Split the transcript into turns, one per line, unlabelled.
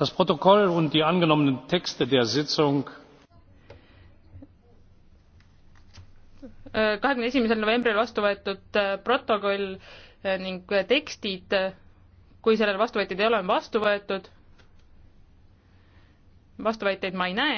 das protokoll und die angenommenen texte der sitzung.
Äh, novembril vastu võetud äh, protokoll äh, ning tekstid kui sellele vastuväiteid ei ole on vastu võetud.
vastuväiteid ma ei näe.